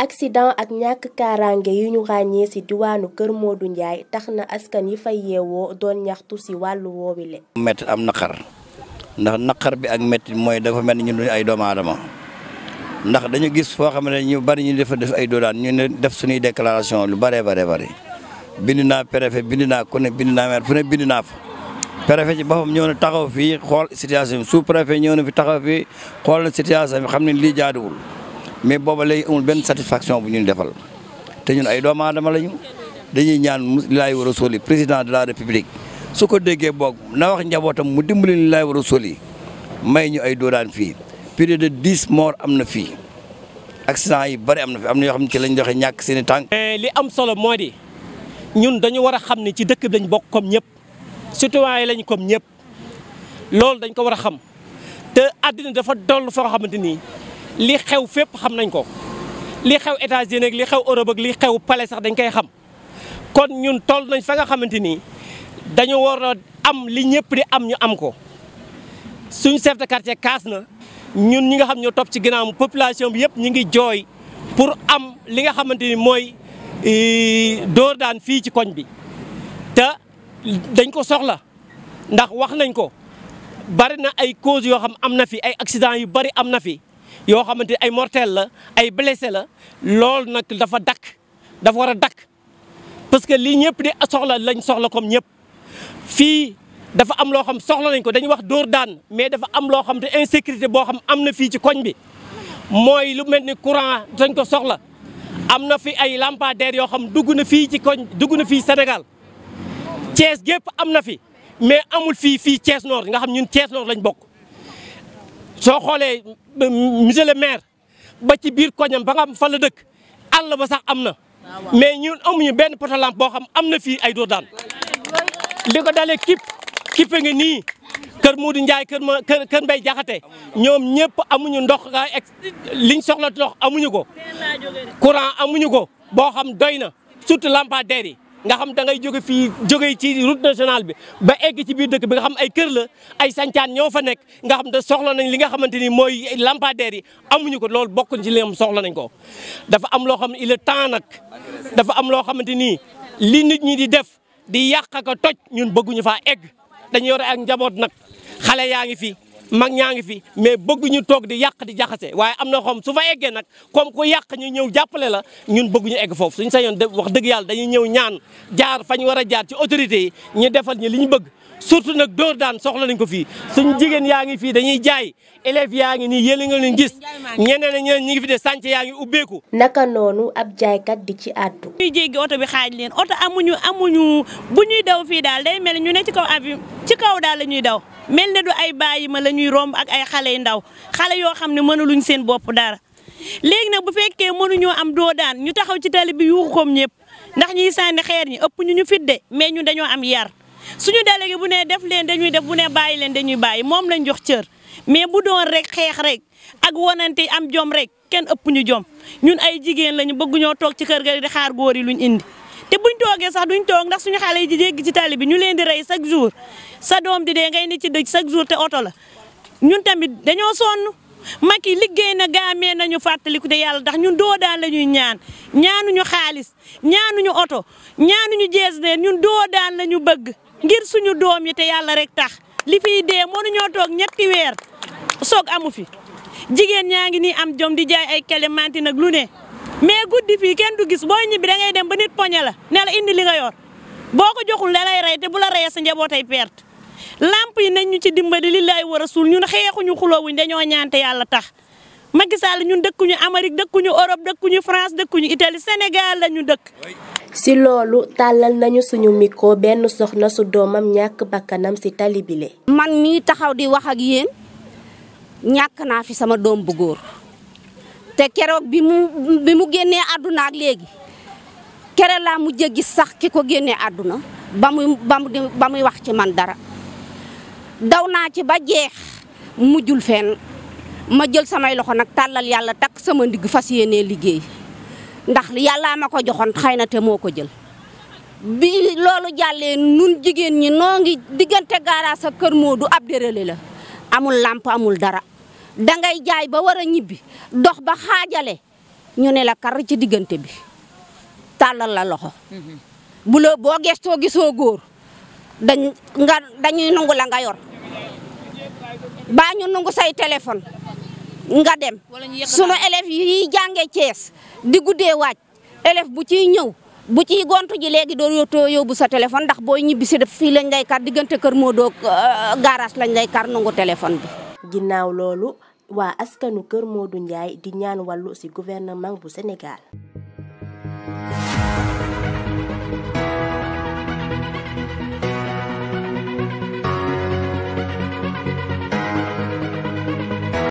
accident ak ñàkk kaaraange yu ñu ràññee ci diwaanu Kër Modou Ndiaye tax na askan yi fay yeewoo doon ñaxtu ci wàllu woowile. métti am naqar ndax naqar bi ak métti mooy dafa mel ni ñu ay doomu aadama ndax dañu gis foo xam ne ñu bari ñu def def ay doodaan def suñuy déclaration lu baree baree bari bind naa préfet bind naa ku ne bind naa fu ne bind naa fa préfet ci ñëw na taxaw fii xool situation su sous ñëw na fi taxaw fii xool na situation xam ne lii jaaduwul mais booba léegi amul benn satisfaction bu ñu defal te ñun ay doomu aadama lañu dañuy ñaan lilaay war a soli président de la république su ko déggee boog na wax njabootam mu dimbali lilaay war a soli may ñu ay doodaan fii plus de dix morts am na fii accident yi bari am na fi am na yoo xam ne ci lañ joxe ñàkk seen tànk. Eh, li am solo moo di. ñun dañu war a xam ni ci dëkk bi lañ bokk comme ñëpp citoyen lañ comme ñëpp loolu dañ ko war a xam te àddina dafa doll foo xamante ni li xew fépp xam nañ ko li xew États-Unis ak li xew Europe ak li xew pale sax dañ koy xam kon ñun toll nañ fa nga xamante ni dañu war a am li ñëpp di am ñu am ko suñu chef de quartier kaas na ñun ñi nga xam ñoo topp ci ginnaaw population bi yëpp ñu ngi jooy pour am li nga xamante ni mooy. door daan fii ci koñ bi te dañ ko soxla ndax wax nañ ko bari na ay cause yoo xam am na fi ay accident yu bari am na fi yoo xamante ay mortel la ay blessé la lool nag dafa dakk dafa war a dakk parce que lii ñëpp di soxla lañ soxla comme ñëpp fii dafa am loo xam soxla nañ ko dañuy wax dóor daan mais dafa am loo xam te insécurité boo xam am na fii ci koñ bi mooy lu mel ni courant dañ ko soxla am na fi ay lampadaires yoo xam dugg na fii ci koñ dugg na fii Sénégal Thiès gépp am na fi mais amul fii fii Thiès Nord nga xam ñun Thiès Nord lañ bokk soo xoolee euh, monsieur le maire ba ci biir koñam ba nga xam fa la dëkk àll ba sax am na mais ñun amuñu benn poto lampe boo xam am na fii ay dóor daan li ko dalee kipp kippe ngi nii kër di Njaay kër ma kër kër Mbay Jaxate ñoom ñëpp amuñu ndox liñ soxla ndox amuñu ko courant amuñu ko boo xam doy na surtout lampadaire yi nga xam da ngay jóge fii jóge ci route nationale bi ba egg ci biir dëkk bi nga xam ay kër la ay sancaan ñoo fa nekk nga xam da soxla nañ li nga xamante ni mooy lampadaire yi amuñu ko loolu bokkuñ ci li am soxla nañ ko dafa am loo xam il est temps nag dafa am loo xamante nii li nit ñi di def di yàq ko toj ñun bëgguñu faa egg dañu yore ak njaboot nag xale yaa ngi fi mag ñaa ngi fi mais bëgguñu toog di yàq di jaxase waaye am na xom su fa eggee nag comme ku yàq ñu ñëw jàppale la ñun bëgguñu egg foofu suñ sañoon wax dëgg yàlla dañuy ñëw ñaan jaar fañ war a jaar ci autorités yi ñu defal ñu li ñu bëgg surtout nag dóor daan soxla nañ ko fii suñ jigéen yaa ngi fii dañuy jaay élèves yaa ngi nii yéen nga leen gis ñeneen ak ñeneen ñi ngi fi de sànc yaa ngi ubbeeku naka noonu ab jaaykat di ci àddu ñuy jéggi oto bi xaaj leen oto amuñu amuñu bu ñuy daw fii daal day mel ñu ne ci kaw avion ci kaw daal la ñuy daw mel na du ay bàyyi ma la ñuy romb ak ay xale yu ndaw xale yoo xam ne mënuluñ seen bopp dara léegi nag bu fekkee mënuñoo am doo daan ñu taxaw ci tali bi yuuxu koom ñëpp ndax ñuy sànni xeer ñi ëpp ñu ñu fit de mais ñun dañoo am yar suñu délégué bu ne def leen dañuy def bu ne bàyyi leen dañuy bàyyi moom lañu jox cër mais bu doon rek xeex rek ak wanante am jom rek kenn ëpp ñu jom ñun ay jigéen lañu bëgg ñoo toog ci kër ga di xaar góor yi luñ indi. te buñ toogee sax duñ toog ndax suñu xale yi di jéggi ci tali bi ñu leen di rey chaque jour sa doom di dee ngay ni ci dëj chaque jour te oto la ñun tamit dañoo sonn Macky liggéey na gaamee nañu fàttaliku te yàlla ndax ñun doo daan la ñuy ñaan ñaanuñu xaalis ñaanuñu oto ñaanuñu jees neen ñun doo daan la ñu bëgg ngir suñu doom yi te yàlla rek tax li fiy dee mënuñoo toog ñetti weer soog amu fi jigéen ñaa ngi nii am jom di jaay ay clémentine nag lu ne mais guddi fii kenn du gis booy ñibbi da ngay dem ba nit poñe la ne la indi li nga yor boo ko joxul da lay rey te bu la reyee sa njabootay perte làmp yi nañ ñu ci dimbali li lay war a suul ñun xeexuñu xuloowuñ dañoo ñaante yàlla tax Macky Sall ñun dëkkuñu Amérique dëkkuñu Europe dëkkuñu France dëkkuñu Italie Sénégal la ñu dëkk. si loolu tàllal nañu suñu micro benn soxna su doomam ñàkk bakkanam si tali bile. man mii taxaw di wax ak yéen ñàkk naa fi sama doom bu góor. te keroog bi mu génnee àdduna ak léegi kere laa mujj a gis sax ki ko génnee àdduna ba muy ba mu ba muy wax ci man dara daw naa ci ba jeex mu jul fenn ma jël samay loxo nag tàllal yàlla takk sama ndigg fas yéenee liggéey ndax yàlla ma ko joxoon xëy na te moo ko jël bi loolu jàllee nun jigéen ñi noo ngi diggante gaaraas ak kër Moodu ab dérélé la amul làmp amul dara dangay jaay ba war a ñibbi dox ba xaajale ñu ne la kar ci diggante bi tàllal la loxo bu la boo gestoo gisoo góor dañ nga dañuy nangu la nga yor baa ñu nangu say téléphone nga dem sunu élèves yi jàngee Thiès di guddee waaj élève bu ci ñëw bu ciy gontu ji léegi doo yottoo yóbbu sa téléphone ndax boo ñibbi si def fii lañ lay kar diggante kër moo doo euh, garaas lañ lay kar nangu téléphone bi ginnaaw loolu waa askanu kër moo du Ndiaye di ñaan wàllu ci gouvernement bu senegaal